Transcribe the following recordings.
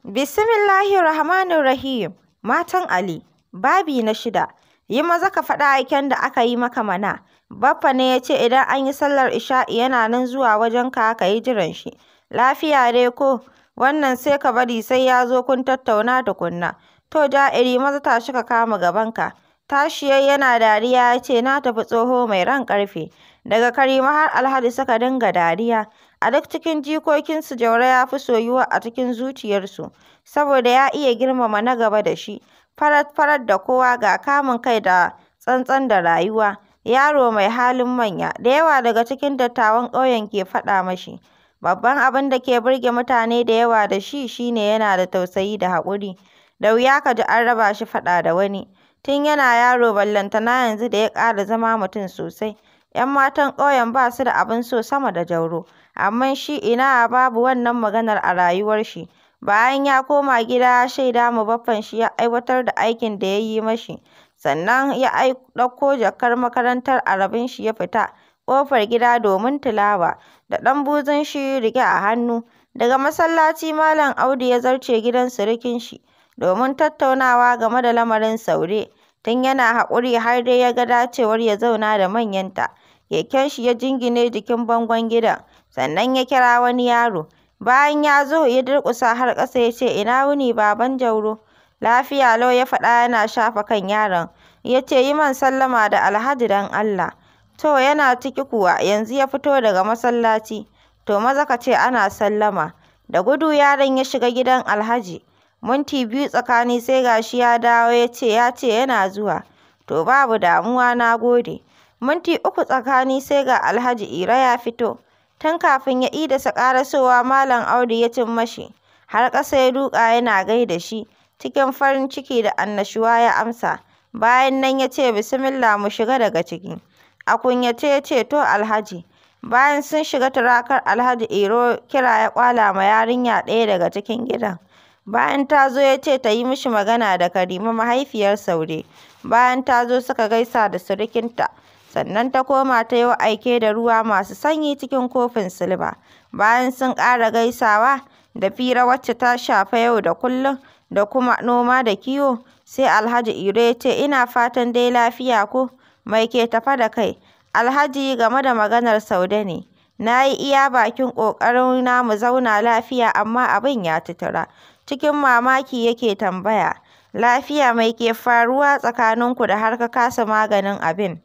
Bismillahirrahmanirrahim. Matan Ali. Babi na shida. Yi maza ka faɗa aiken da aka yi maka mana. Baffa ne ya ce idan an yi sallar isha'i yana nan zuwa wajenka ka yi jiran shi. Lafiya dai ko? Wannan sai ka bari sai ya zo kun tattauna tukunna. To ja'iri maza tashi ka kama gabanka. Tashi yana dariya ya ce na tafi tsoho mai ran ƙarfe. Daga Karima har Alhaji suka dinga dariya. A duk cikin jikokinsu Jauro ya fi soyuwa a cikin zuciyarsu, saboda ya iya girmama na gaba da shi. Farat-farat da kowa ga kamun kai da tsantsan da rayuwa. Yaro mai halin manya, da yawa daga cikin dattawan ƙauyen ke faɗa mashi. Babban abin da ke burge mutane da yawa da shi shine yana da tausayi da haƙuri. Da wuya ka ji an raba shi faɗa da wani. Tun yana yaro ballantana yanzu da ya ƙara zama mutum sosai. ‘Yan matan ƙauyen ba su da abin so sama da Jauro, amma shi ina babu wannan maganar a rayuwar shi, bayan ya koma gida ya shaida ma shi, ya aiwatar da aikin da ya yi mashi, sannan ya ɗauko jakar makarantar a rabin shi ya fita ƙofar gida domin tilawa, da ɗan buzun shi riƙe a hannu, daga masallaci Malam Audu ya zarce gidan surukin shi domin tattaunawa game da lamarin saure tun yana haƙuri har dai ya ga dacewar ya zauna da manyanta. keken shi ya jingine jikin bangon gidan, sannan ya kira wani yaro. Bayan ya zo, ya durƙusa har ƙasa ya ce, “Ina wuni, Baban Jauro?” Lafiya lau ya faɗa yana shafa kan yaron. Ya ce, “Yi man sallama da Alhaji don Allah.” To, yana ciki kuwa, yanzu ya fito daga masallaci. To, maza ka ce ana sallama. Da gudu yaron ya shiga gidan Alhaji. Minti biyu tsakani sai gashi ya dawo ya ce ya ce yana zuwa. To, babu damuwa, na gode. Minti uku tsakani sai ga Alhaji Iro ya fito, tun kafin ya idasa ƙarasowa Malam Audu ya cin mashi, har ƙasa ya duƙa yana gaida shi, cikin farin ciki da annashuwa ya amsa, bayan nan ya ce Bismillah mu shiga daga ciki. A kunyace ya ce to Alhaji. Bayan sun shiga turakar Alhaji Iro kira ya kwala ma yarinya ɗaya daga cikin gidan. Bayan ta zo ya ce ta yi mishi magana da Karima mahaifiyar Saude. Bayan ta zo suka gaisa da surukinta. sannan ta koma ta yi aike da ruwa masu sanyi cikin kofin silba. Bayan sun ƙara gaisawa da fira wacce ta shafa yau da kullum da kuma noma da kiwo, sai Alhaji Iro ya ce, ina fatan dai lafiya ko? Mai ke tafa da kai? Alhaji game da maganar Saude ne. Na yi iya bakin ƙoƙarina mu zauna lafiya amma abin ya tutura. Cikin mamaki yake tambaya, lafiya mai ke faruwa tsakaninku da har ka kasa maganin abin?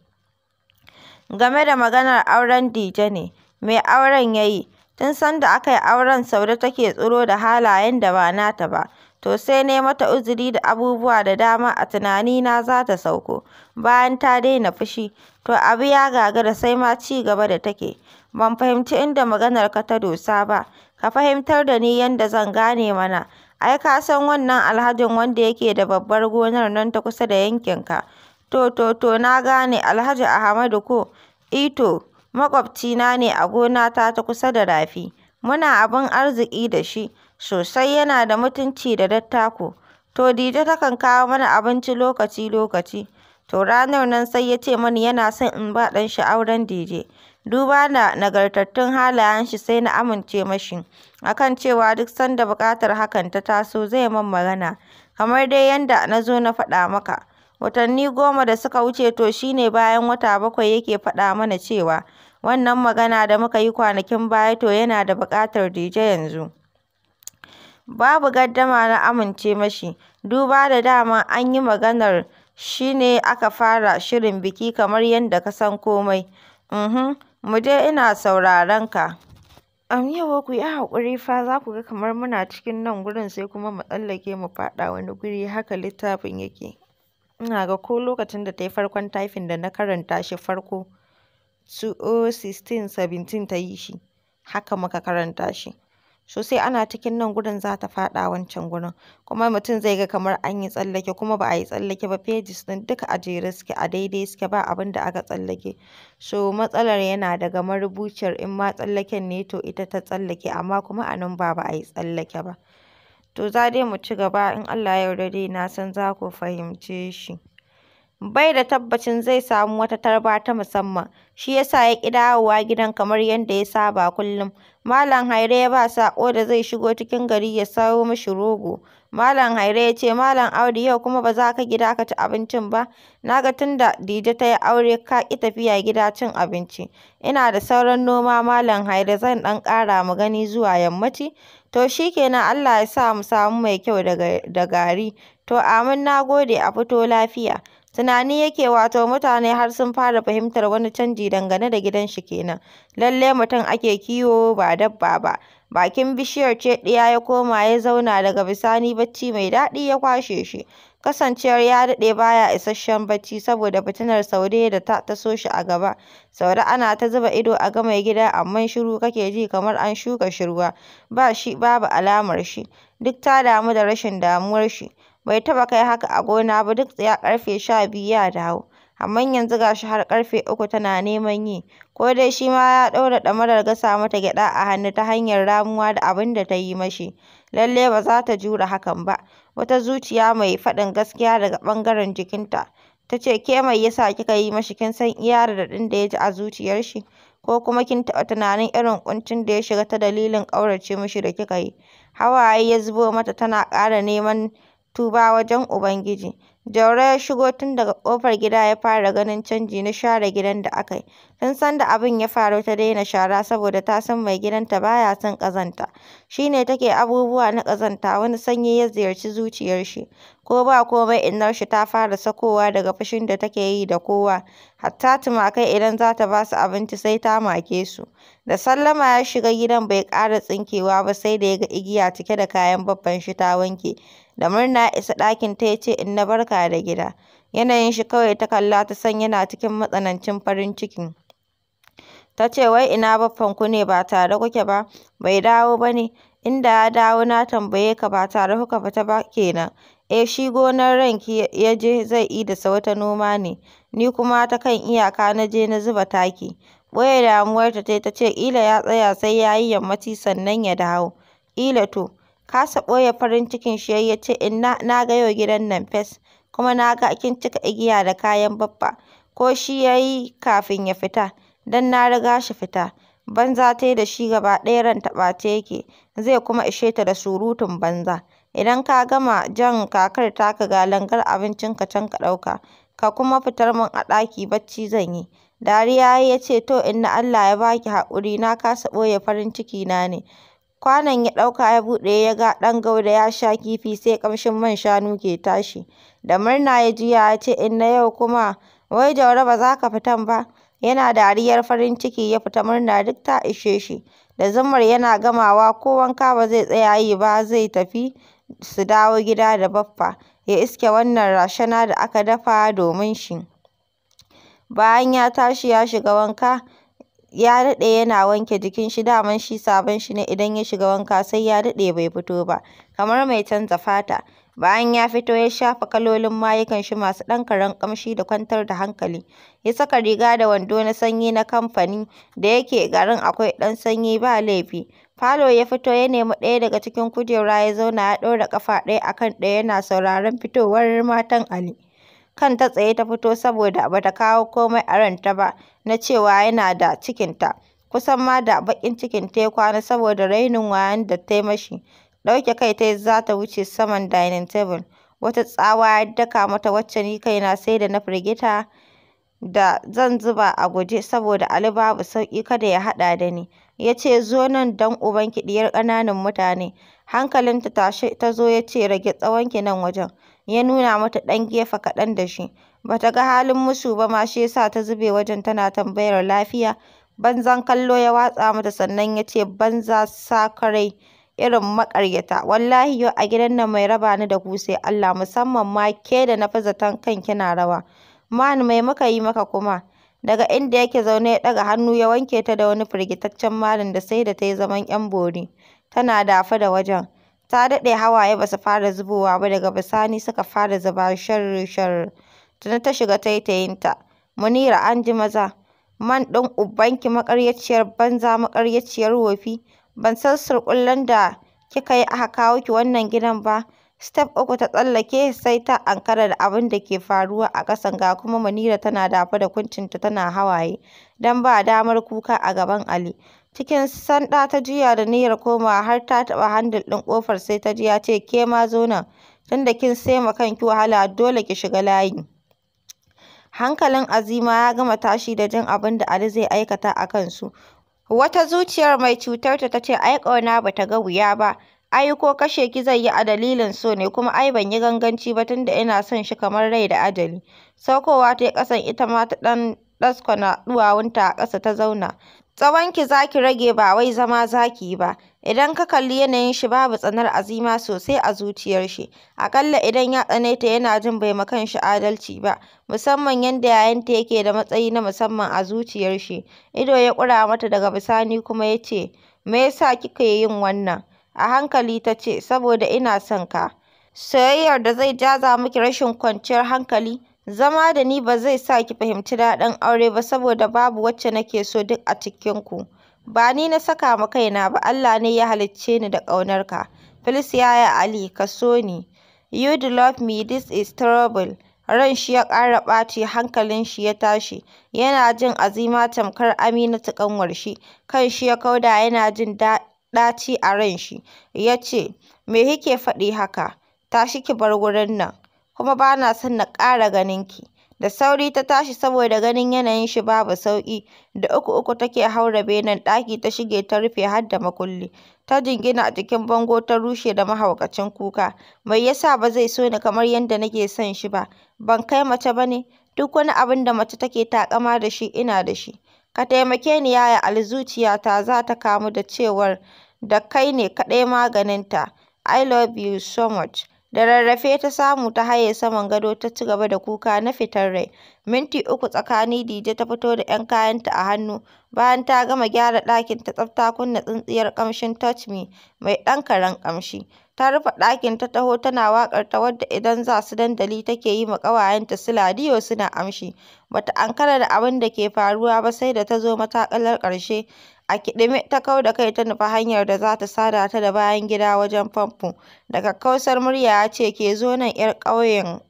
Game da maganar auren Dije ne, me auren ya yi, tun sanda aka yi auren Saude take tsiro da halayen da ba nata ba, to sai na mata uzuri da abubuwa da dama a tunanina za ta sauko, bayan ta daina fushi, to abu ya gagara sai ma ci gaba da take, ban fahimci inda maganarka ta dosa ba, ka fahimtar da ni yadda zan gane mana, ai ka san wannan Alhajin wanda yake da babbar gonar nan ta kusa da yankinka To, to, to na gane Alhaji Ahmadu ko, Ito e makwabcina maƙwabcina ne a gonata ta kusa da rafi, muna abin arziki da shi sosai yana da mutunci da dattako, to Dije takan kawo mana abinci lokaci-lokaci, to ranar nan sai ya ce mani yana son in ba ɗanshi auren Dije, duba na nagartattun halayen shi sai na amince mashi, a kan cewa duk sanda buƙatar hakan ta taso zai man magana, kamar dai yadda na zo na faɗa maka. watanni goma da suka wuce to shine bayan wata bakwai yake faɗa mana cewa wannan magana da muka yi kwanakin baya to yana da buƙatar Dije yanzu. Babu gaddama na amince mashi, duba da dama an yi maganar shi aka fara shirin biki kamar yadda ka san komai. Uhum, mu je ina sauraron ka. Am ku yi haƙuri fa za ku ga kamar muna cikin nan gurin sai kuma mu tsallake mu faɗa wani guri haka littafin yake. Ina ga ko lokacin da ta yi farkon taifin da na karanta shi farko 2016-17 ta yi shi, haka muka karanta shi. So sai ana cikin nan gudun za ta faɗa wancan gudun. kuma mutum zai ga kamar an yi tsallake kuma ba a yi tsallake ba pages din duka a jere suke a daidai suke ba abin da aka tsallake. So matsalar yana daga marubuciyar in ma tsallaken ne to ita ta tsallake amma kuma a nan ba ba a yi tsallake ba. To za dai mu ci gaba, in Allah ya yarda na san za ku fahimce shi. Bai da tabbacin zai samu wata tarba ta musamman, shi yasa ya ƙi dawowa gidan kamar yadda ya saba kullum. Malam Haire ya ba saƙo da zai shigo cikin gari ya sayo mishi rogo. Malam Haire ya ce, Malam Audu yau kuma ba za ka gida ka ci abincin ba? Na ga tun da Dije ta yi aure ka ƙi tafiya gida cin abinci. Ina da sauran noma Malam Haire zan ɗan ƙara mu gani zuwa yammaci. To shi kenan Allah ya sa mu samu mai kyau da gari. To amin na gode a fito lafiya. Tunani yake wato mutane har sun fara fahimtar wani canji dangane da gidan shi kenan. Lallai mutum ake kiwo ba dabba ba. Bakin bishiyar ce ɗiya ya koma ya zauna daga bisani bacci mai daɗi ya kwashe shi. Kasancewar ya daɗe baya isasshen bacci saboda fitinar Saude da ta taso shi a gaba, Saude ana ta zuba ido a ga mai gida amma shiru kake ji kamar an shuka shi ba shi babu alamar shi, duk ta damu da rashin damuwar shi, bai taba kai haka a gona ba duk tsaya karfe sha biyu ya dawo. amman yanzu gashi har karfe uku tana neman yi, ko dai shi ma ya ɗaura ɗamarar gasa mata gyaɗa a hannu ta hanyar ramuwa da abin da ta yi mashi. Lalle ba za ta jure hakan ba. Wata zuciya mai faɗin gaskiya daga ɓangaren jikinta ta ce, Ke mai yasa kika yi mashi? Kin san iya raɗaɗin da ya ji a zuciyar shi? Ko kuma kin taɓa tunanin irin ƙuncin da ya shiga ta dalilin ƙaurace mishi da kika yi? Hawaye ya zubo mata tana ƙara neman tuba wajen Ubangiji. Jauro ya shigo tun daga ƙofar gida ya fara ganin canji na share gidan da aka yi. Tun sanda abin ya faru ta daina shara saboda ta san mai gidanta baya son ƙazanta. Shi ne take abubuwa na ƙazanta wani sanyi ya ziyarci zuciyar shi. Ko ba komai innar shi ta fara sakowa daga fushin da take yi da kowa. Hatta tumakai idan za ta ba su abinci sai ta make su. Da sallama ya shiga gidan bai kara tsinkewa ba sai da ya ga igiya cike da kayan babban shi ta wanke. Da murna isa isa ɗakin ya ce, Inna barka da gida. Yanayin shi kawai ta kalla ta san yana cikin matsanancin farin ciki. Ta ce, wai ina baffan ku ne ba tare kuke ba, bai dawo ba ne, inda ya dawo na tambaye ka ba tare kuka fita ba kenan. Eh shi gonar ranki ya je zai yi da wata noma ne, ni kuma ta kan iyaka na je na zuba taki. Ɓoye damuwarta ta ce kila ya tsaya sai ya yi yammaci sannan ya dawo, kila to. Kasa ɓoye farin cikin shi ya ce, Inna na ga yau gidan nan fes, kuma na ga kin cika igiya da kayan babba. ko shi yayi kafin ya fita, dan na riga shi fita. Banza ta da shi gaba ɗaya ranta ta yake, zai kuma ishe ta da surutun banza. Idan ka gama jan kakar taka ga langar abincin ka can ka ɗauka, ka kuma fitar min a ɗaki bacci zan yi. Dariya ya ce, to Inna Allah ya baki hakuri haƙuri, na kasa ɓoye farin ciki na ne. Kwanon ya ɗauka ya buɗe ya ga ɗan Gauda ya sha kifi sai ƙamshin man shanu ke tashi, da murna ya juya ya ce, Inna yau kuma, wai Jauro ba za ka fitan ba? Yana dariyar farin ciki ya fita murna duk ta ishe shi, da zumar yana gamawa ko wanka ba zai tsaya yi ba zai tafi su dawo gida da Baffa, ya iske wannan rashana da aka dafa domin shi. Bayan ya tashi ya shiga wanka, ya daɗe yana wanke jikin shi daman shi sabon shi ne idan ya shiga wanka sai ya daɗe bai fito ba kamar mai canza fata bayan ya fito ya shafa kalolin mayukan shi masu ɗan karen ƙamshi da kwantar da hankali ya saka riga da wando na sanyi na kamfani da yake garin akwai ɗan sanyi ba laifi falo ya fito ya nemi ɗaya daga cikin kujera ya zauna ya ɗora ƙafa ɗaya akan ɗaya yana sauraron fitowar matan Ali Kan ta tsaye ta fito saboda ba ta kawo komai a ranta ba na cewa yana da cikinta. Kusan ma da bakin cikin ta ya kwana saboda rainin wayan da ta mashi. Ɗauke kai ta yi za ta wuce saman dining table. Wata tsawa ya daka mata wacce ni kaina sai da na firgita da zan zuba a guje saboda Ali babu sauƙi kada ya haɗa da ni. Ya ce zo nan don ubanki ɗiyar ƙananan mutane. Hankalinta ta zo ya ce rage tsawonki nan wajen. ya nuna mata ɗan gefe kaɗan da shi. Ba ta ga halin musu ba ma shi ya sa ta zube wajen tana tambayar lafiya. Banzan kallo ya watsa mata sannan ya ce banza sakarai irin maƙaryata. Wallahi yau a gidan nan mai raba ni da ku sai Allah musamman ma ke da na fi zaton kan kina rawa. Man mai muka yi maka kuma. Daga inda yake zaune ya ɗaga hannu ya wanke ta da wani firgitaccen malam da sai da ta yi zaman 'yan bori. Tana dafa da wajen. Ta daɗe hawaye ba su fara zubowa ba daga bisani suka fara zuba shar-shar. Tuni ta shiga taitayinta. Munira an ji maza. Man ɗin ubanki maƙaryaciyar banza maƙaryaciyar wofi. Ban san surƙullen da kika yi aka kawo ki wannan gidan ba. Step uku ta tsallake sai ta ankara da abin da ke faruwa a ƙasan ga kuma Munira tana dafa da kuncinta tana hawaye don ba damar kuka a gaban Ali. Cikin sanda ta jiya da niyyar komawa har ta taɓa handil ɗin ƙofar sai ta ji ya ce ke ma zo nan, tunda kin sai ma kanki wahala dole ki shiga layi. Hankalin Azima ya gama tashi da jin abin da Ali zai aikata a kansu. Wata zuciyar mai cutar ta ce ai ƙauna ba ta ga wuya ba, ai ko kashe ki zai yi a dalilin so ne kuma ai ban yi ganganci ba tunda ina son shi kamar rai da ajali. Saukowa ta yi ƙasan ita ma ta ɗan ɗaskwana duwawunta a ƙasa ta zauna. Tsawonki za ki rage ba wai zama za ki ba. Idan ka kalli yanayin shi babu tsanar azima sosai a zuciyar shi, akalla idan ya tsane ta yana jin bai makan shi adalci ba, musamman yanda yayanta yake da matsayi na musamman a zuciyar shi. Ido ya ƙura mata daga bisani kuma ya ce, “Me ya sa kike yin wannan?” A hankali ta ce, “Saboda ina son ka.” Soyayyar da zai jaza miki rashin kwanciyar hankali Zama da ni ba zai sa ki fahimci daɗin aure ba saboda babu wacce nake so duk a cikinku. Ba ni na saka ma kaina ba, Allah ne ya halicce ni da ƙaunarka. Felicia ya Ali, ka so ni. You do love me, this is trouble. Ran shi ya ƙara ɓaci, hankalin shi ya tashi. Yana jin azima tamkar ta ƙanwar shi. Kan shi ya kauda yana jin ɗaci a ran shi. Ya ce, me yake faɗi haka? Tashi ki bar wurin nan. kuma ba na son na ƙara ganin ki. Da sauri ta tashi saboda ganin yanayin shi babu sauƙi, da uku-uku take haura benen ɗaki ta shige ta rufe har da makulli. Ta jingina a jikin bango ta rushe da mahaukacin kuka. Mai yasa ba zai so ni kamar yadda nake son shi ba? Ban kai mace ba ne? Duk wani abin da mace take takama da shi ina da shi. Ka taimake ni yaya Ali zuciyata za ta kamu da cewar da kai ne kaɗai maganinta. I love you so much. Da rarrafe ta samu ta haye saman gado ta ci gaba da kuka na fitar rai. Minti uku tsakani Dije ta fito da 'yan kayanta a hannu. Bayan ta gama gyara ɗakin ta tsafta kunna tsintsiyar ƙamshin Touch Me mai ɗan karen ƙamshi. Ta rufe ɗakin ta taho tana waƙar ta wadda idan za su dandali take yi ma ƙawayenta su Ladiyo suna amshi. Bata ankara da abin da ke faruwa ba sai da ta zo matakalar ƙarshe A kiɗime ta kau da kai ta nufi hanyar da za ta sada ta da bayan gida wajen famfo. Daga kausar murya ya ce, ke zo nan 'yar ƙauyen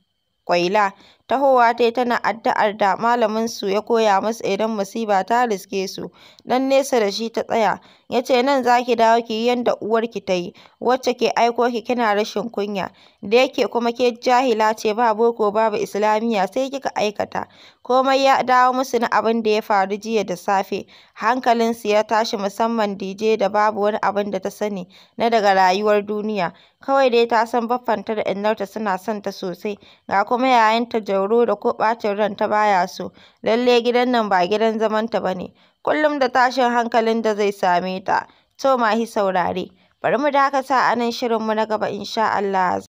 Kwaila. Tahowa tai tana addu'ar da malaminsu ya koya musu idan musiba ta riske su. Dan nesa da shi ta tsaya. Ya ce nan za ki dawo ki yi yadda uwarki ta yi, wacce ke aiko ki kina rashin kunya. Da yake kuma ke jahila ce ba boko babu islamiyya sai kika aikata. Komai ya dawo musu na abin da ya faru jiya da safe, hankalinsu ya tashi musamman DJ da babu wani abin da ta sani na daga rayuwar duniya, kawai dai ta san baffanta da innarta suna son ta sosai, ga kuma yayanta Jauro da ko ɓacin ranta ta baya so, lallai gidan nan ba gidan zamanta ba ne, kullum da tashin hankalin da zai same ta. To ma saurare, bari mu dakata a nan shirinmu na gaba insha Allah.